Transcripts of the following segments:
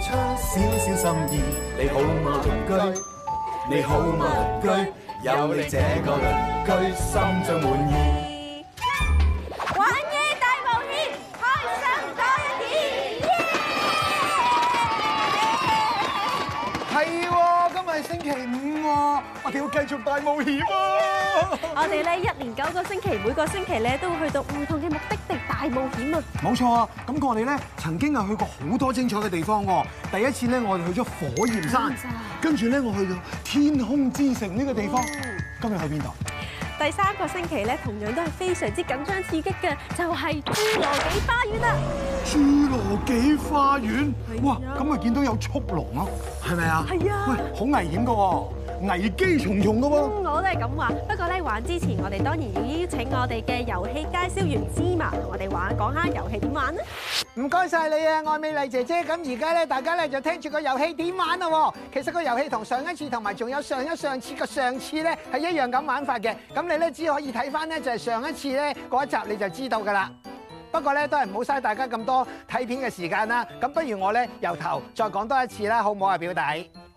出小小心意，你好鄰居，你好鄰居，有你這個鄰居，心中滿意。玩嘢大冒險，開心多一點。星期五，我哋要繼續大冒險啊！我哋咧一年九個星期，每個星期咧都會去到唔同嘅目的地大冒險啊！冇錯啊！咁我哋咧曾經係去過好多精彩嘅地方喎。第一次咧我哋去咗火焰山，跟住咧我去到天空之城呢個地方今日。今日去邊度？第三個星期咧，同樣都係非常之緊張刺激嘅，就係侏羅紀花園啦。侏羅紀花園，哇！咁咪見到有速龍咯，係咪啊？係啊！喂，好危險㗎喎。危機重重噶喎！我都係咁話，不過咧玩之前，我哋當然要邀請我哋嘅遊戲介紹員芝麻同我哋玩，講下遊戲點玩。唔該晒你啊，愛美麗姐姐。咁而家咧，大家咧就聽住個遊戲點玩喎。其實個遊戲同上一次同埋仲有上一上次個上次咧係一樣咁玩法嘅。咁你咧只可以睇翻咧就係上一次咧嗰一集你就知道噶啦。不過咧都係唔好嘥大家咁多睇片嘅時間啦。咁不如我咧由頭再講多一次啦，好唔好啊，表弟？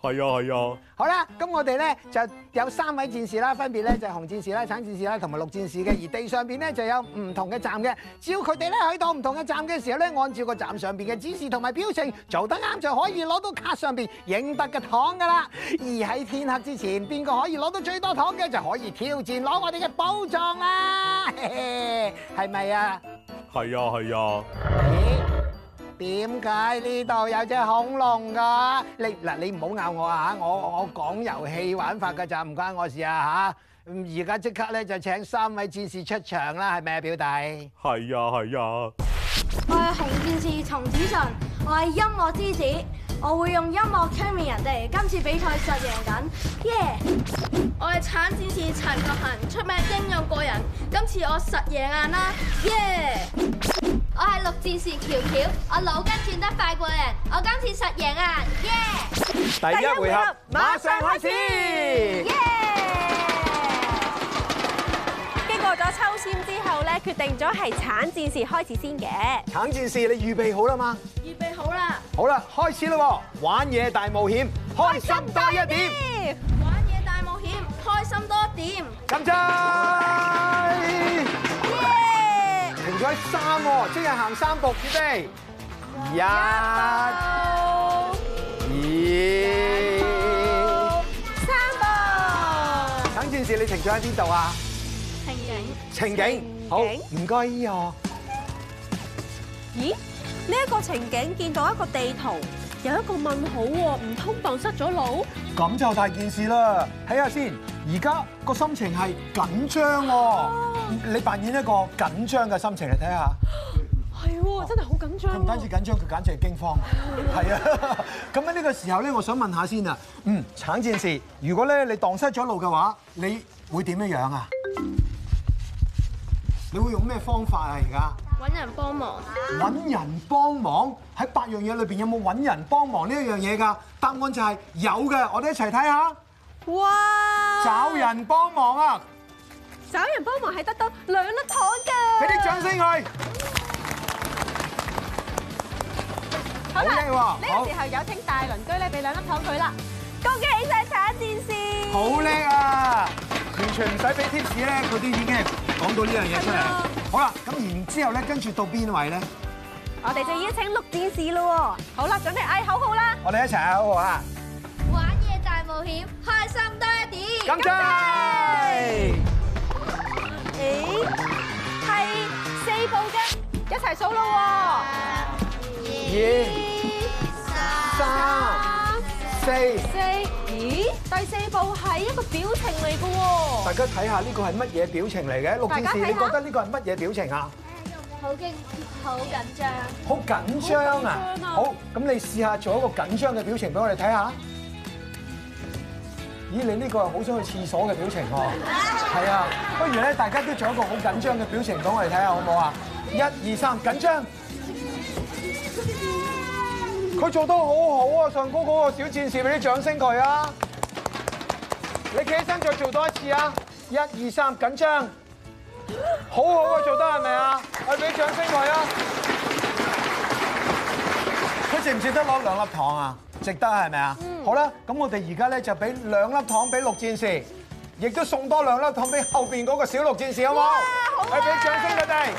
係啊係啊，啊好啦，咁我哋咧就有三位戰士啦，分別咧就係、是、紅戰士啦、橙戰士啦、同埋綠戰士嘅。而地上邊咧就有唔同嘅站嘅，只要佢哋咧去到唔同嘅站嘅時候咧，按照個站上邊嘅指示同埋標稱做得啱就可以攞到卡上邊認得嘅糖噶啦。 而喺天黑之前，邊個可以攞到最多糖嘅就可以挑戰攞我哋嘅寶藏啦，係 咪啊？係啊係啊。點解呢度有隻恐龍噶？你嗱你唔好咬我啊！我我講遊戲玩法噶咋，唔關我事啊吓！而家即刻咧就請三位戰士出場啦，係咪啊表弟？係啊，係啊。我係紅戰士松子純，我係音樂之子，我會用音樂催眠人哋，今次比賽實贏緊耶！Yeah! 我係橙戰士陳國恆，出名英勇過人，今次我實贏硬啦戰士喬喬，我腦筋轉得快過人，我今次實贏啊！耶！第一回合馬上開始，馬上開始。耶，經過咗抽簽之後咧，決定咗係橙戰士開始先嘅。橙戰士，你預備好啦嘛？預備好啦。好啦，開始啦！玩嘢大冒險，開心多一點。玩嘢大冒險，開心多點。就係。三哦，即係行三步，準備，一、二、三步。等件事你停咗喺邊度啊？情景，情景，好，唔該依個。咦？呢一個情景見到一個地圖，有一個問號喎，唔通蕩失咗路？咁就大件事啦。睇下先。而家個心情係緊張，你扮演一個緊張嘅心情嚟睇下。係喎對，對 真係好緊張。唔單止緊張，佢簡直係驚慌對 對。係啊，咁喺呢個時候咧，我想問下先啊。嗯，橙戰士，如果咧你蕩失咗路嘅話，你會點樣樣啊？你會用咩方法啊？而家揾人幫忙。揾人幫忙、啊、揾人幫忙，喺八樣嘢裏邊，有冇揾人幫忙呢一樣嘢㗎？答案就係有嘅，我哋一齊睇下。哇！找人幫忙啊！找人幫忙係得到兩粒糖㗎。俾啲掌聲佢。好叻喎！呢個時候有請大鄰居咧，俾兩粒糖佢啦。高基起曬第一件事。好叻啊！完全唔使俾 tips 咧，佢都已經講到呢樣嘢出嚟。好啦，咁然之後咧，跟住到邊位咧？我哋就要請錄電視啦！好啦，準備嗌口號啦！我哋一齊嗌口號啊！開心多一點，恭喜！咦，係四步嘅，一齊數咯喎，一、二、三、四、四。咦，第四步係一個表情嚟嘅喎？大家睇下呢個係乜嘢表情嚟嘅？六件事，你覺得呢個係乜嘢表情啊？好驚，好緊張，好緊張啊！好，咁你試下做一個緊張嘅表情俾我哋睇下。咦，你呢個係好想去廁所嘅表情喎？係啊，不如咧，大家都做一個好緊張嘅表情講嚟睇下好唔好啊？一二三，緊張！佢做得好好啊！上高嗰個小戰士，俾啲掌聲佢啊！你企起身再做多一次啊！一二三，緊張！好好啊，做得係咪啊？我俾掌聲佢啊！佢值唔值得攞兩粒糖啊？值得係咪啊？是好啦，咁我哋而家咧就俾兩粒糖俾綠戰士，亦都送多兩粒糖俾後面嗰個小綠戰士，好冇？哇很棒！好啊對！去俾掌聲佢哋。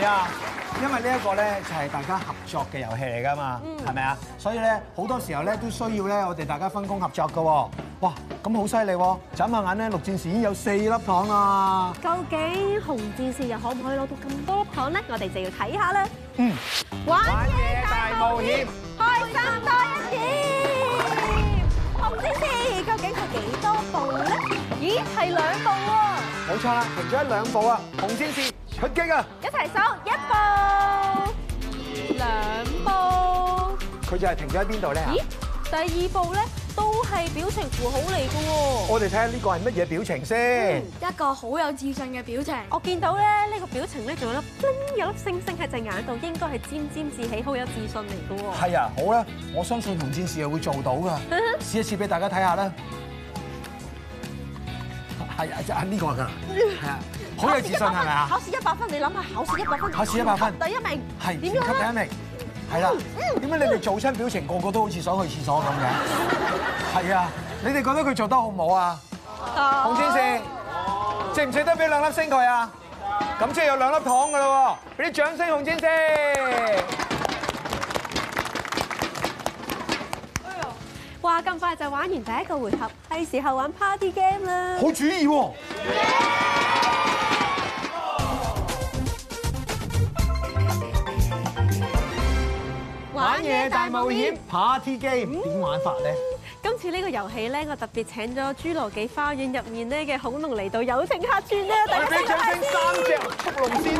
係啊，因為呢一個咧就係大家合作嘅遊戲嚟噶嘛，係咪啊？所以咧好多時候咧都需要咧我哋大家分工合作噶。哇！咁好犀利！眨下眼咧，綠戰士已經有四粒糖啊。究竟紅戰士又可唔可以攞到咁多粒糖咧？我哋就要睇下呢。嗯。玩嘢大冒險，開心多。係兩步喎，冇錯啦，停咗一兩步啊！紅戰士出擊啊！一齊數，一步，兩步他是。佢就係停咗喺邊度咧？咦，第二步咧都係表情符號嚟噶喎！我哋睇下呢個係乜嘢表情先，啊嗯。一個好有自信嘅表情，我見到咧呢個表情咧仲有粒，有粒星星喺隻眼度，應該係沾沾自喜，好有自信嚟噶喎。係啊，好啦，我相信紅戰士係會做到噶，試一次俾大家睇下啦。係啊，呢、這個係㗎，啊，好有自信係咪啊？考試一,的一百分，你諗下考試一百分，考試一百分，第一,一,一,一,一,一,一,一名，係點樣？全級第一名，係啦，點解你哋做親表情個個都好似想去廁所咁嘅？係啊， 你哋覺得佢做得好唔好啊？洪先生，值唔值得俾兩粒星佢啊？咁即係有兩粒糖㗎啦，俾啲掌聲，洪先生。哇！咁快就玩完第一個回合，係時候玩 Party Game 啦！好主意喎！玩嘢大冒險 Party Game 點玩法咧？今次呢個遊戲咧，我特別請咗侏羅紀花園入面咧嘅恐龍嚟到友情客串咧，大家睇下先，俾張三隻恐龍先。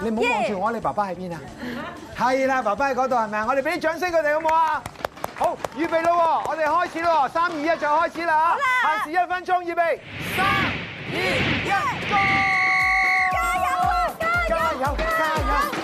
你唔好望住我，你爸爸喺邊啊？係啦，爸爸喺嗰度係咪啊？我哋俾啲掌聲佢哋好唔好啊？好，預備咯喎！我哋開始咯喎，三二一就開始啦！限時一分鐘，預備。三二一，加加油啊！加油！加油！加油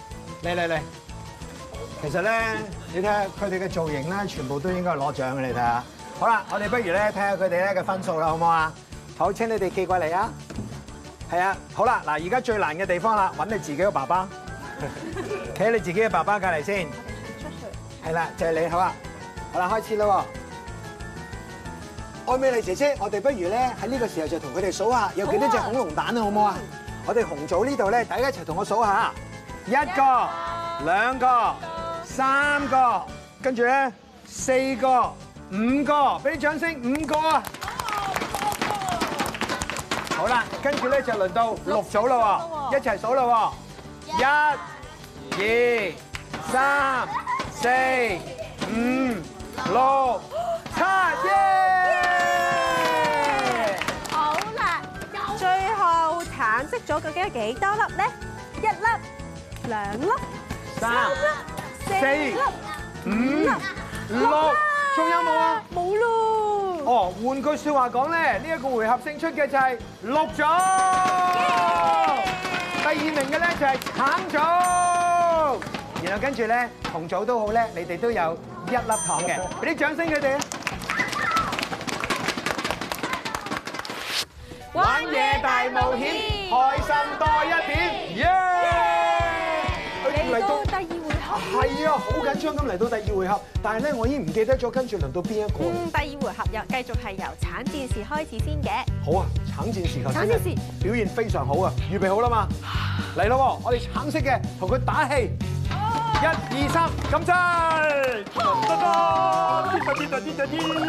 嚟嚟嚟！其實咧，你睇下佢哋嘅造型咧，全部都應該攞獎嘅。你睇下，好啦，我哋不如咧睇下佢哋咧嘅分數啦，好唔好啊？好，請你哋企過嚟啊！係啊，好啦，嗱，而家最難嘅地方啦，揾你自己嘅爸爸，企喺你自己嘅爸爸隔離先。出水。係啦，就係、是、你，好啊！好啦，開始啦！愛美麗姐姐，我哋不如咧喺呢個時候就同佢哋數下有幾多隻恐龍蛋啦，好唔好啊？我哋紅組呢度咧，大家一齊同我數下。一個、兩個、三個，跟住咧四個、五個，俾啲掌聲五個啊！好啦，跟住咧就輪到六組啦，一齊數啦，一、二、三、四、五、六、七耶！好啦，最後橙色組究竟有幾多粒咧？一粒。兩粒、三粒、四粒、五粒、六，仲有冇啊？冇咯。哦，換句説話講咧，呢一個回合勝出嘅就係綠組，第二名嘅咧就係橙組。然後跟住咧，紅組都好咧，你哋都有一粒糖嘅，俾啲掌聲佢哋啊！玩夜大冒險，開心多一點。係啊，好緊張！咁嚟到第二回合，但係咧，我已經唔記得咗跟住輪到邊一個。第二回合又繼續係由橙戰士開始先嘅。好啊，橙戰士頭先，橙戰士表現非常好啊，預備好啦嘛，嚟咯！我哋橙色嘅同佢打氣 1, 2, 3, 很多很多很多，一二三，撳掣，紅得滯，跌就跌，就跌。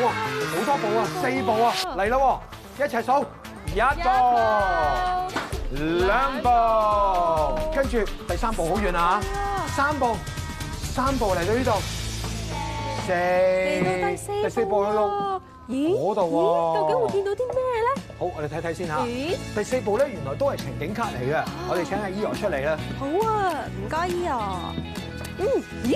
哇，好多部啊，四部啊，嚟咯，一齊數，一步。兩步，跟住第三步好遠啊！三步，三步嚟到呢度，四，到第四步咯，咦？嗰度？咦、嗯？究竟會見到啲咩咧？好，我哋睇睇先吓。第四步咧，原來都係情景卡嚟嘅。我哋請阿依諾出嚟啦。好啊，唔該依啊。嗯？咦？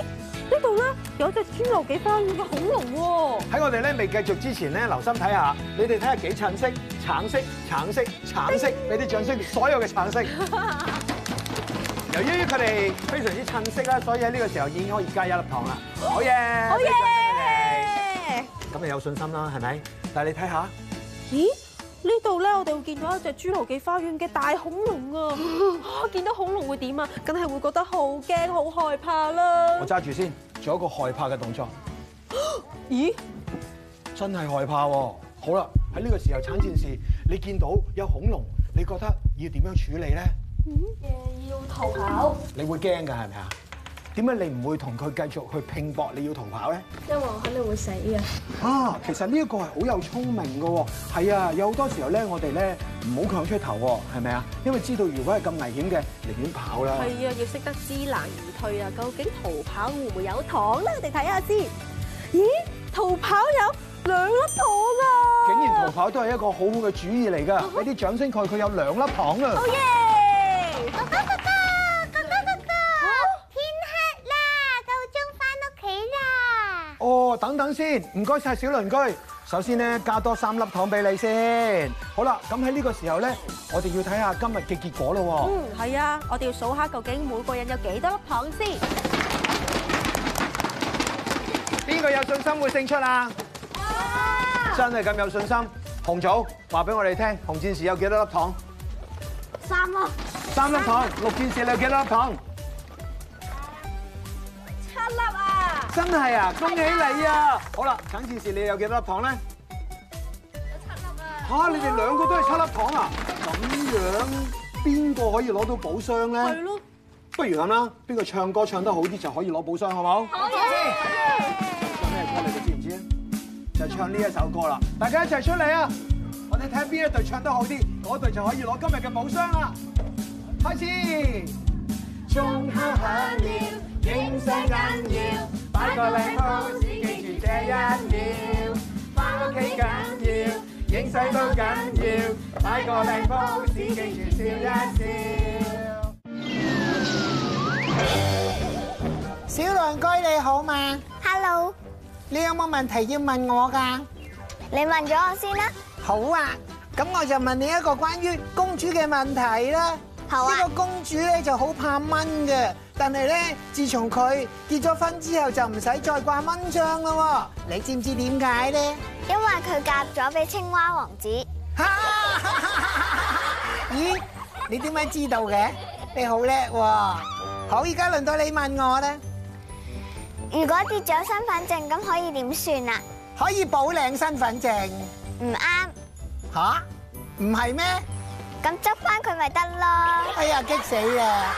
呢度咧，有隻侏羅紀翻嘅恐龍喎。喺我哋咧未繼續之前咧，留心睇下，你哋睇下幾襯色。橙色、橙色、橙色，俾啲掌聲！所有嘅橙色。由於佢哋非常之襯色啦，所以喺呢個時候已經可以加一粒糖啦。好嘢！好嘢！咁你有信心啦，係咪？但係你睇下，咦？呢度咧，我哋會見到一隻侏羅紀花園嘅大恐龍啊！啊，見到恐龍會點啊？梗係會覺得好驚、好害怕啦！怕我揸住先，做一個害怕嘅動作。咦？真係害怕喎！好啦。喺呢個時候產戰時，你見到有恐龍，你覺得要點樣處理咧？誒，要逃跑。你會驚㗎，係咪啊？點解你唔會同佢繼續去拼搏？你要逃跑咧？因為我肯定會死嘅。啊，其實呢一個係好有聰明嘅喎。係啊，有好多時候咧，我哋咧唔好強出頭喎，係咪啊？因為知道如果係咁危險嘅，寧願跑啦。係啊，要識得知難而退啊！究竟逃跑會唔會有糖咧？我哋睇下先。咦、欸，逃跑有兩粒糖啊！竟然逃跑都係一個好好嘅主意嚟㗎！俾啲掌聲佢，佢有兩粒糖啊！好耶！得得得，得得得，天黑啦，夠鐘返屋企啦！哦，等等先，唔該晒小鄰居。首先咧，加多三粒糖俾你先。好啦，咁喺呢個時候咧，我哋要睇下今日嘅結果啦。嗯，係啊，我哋要數下究竟每個人有幾多粒糖先。邊個有信心會勝出啊？真係咁有信心，紅組話俾我哋聽，紅戰士有幾多粒糖？三粒。三粒糖，綠戰士你有幾多粒糖？七粒、啊？七粒啊真係！真係是啊，恭喜你啊！好啦，橙戰士你有幾多粒糖咧？有七粒啊！吓，你哋兩個都係七粒糖啊！咁、哦、樣邊個可以攞到寶箱咧？是的 不如咁啦，邊個唱歌唱得好啲就可以攞寶箱，好唔好？講住先。唱咩就唱呢一首歌啦，大家一齊出嚟啊！我哋睇邊一隊唱得好啲，嗰隊就可以攞今日嘅寶箱啦！開始。冲口很要，影相緊要，擺個靚 pose 記住這一秒，翻屋企緊要，影相都緊要，擺個靚 pose 記住笑一笑。小靚哥你好嗎？Hello。你有冇問題要問我噶？你問咗我先啦。好啊，咁我就問你一個關於公主嘅問題啦。好啊。呢個公主咧就好怕蚊嘅，但係咧自從佢結咗婚之後就唔使再掛蚊帳啦。你知唔知點解咧？因為佢嫁咗俾青蛙王子。哈？咦？你點解知道嘅？你好叻喎！好，而家輪到你問我咧。如果跌咗身份證，咁可以點算不對 啊？可以補領身份證。唔啱。吓？唔係咩？咁執翻佢咪得咯？哎呀！激死啊！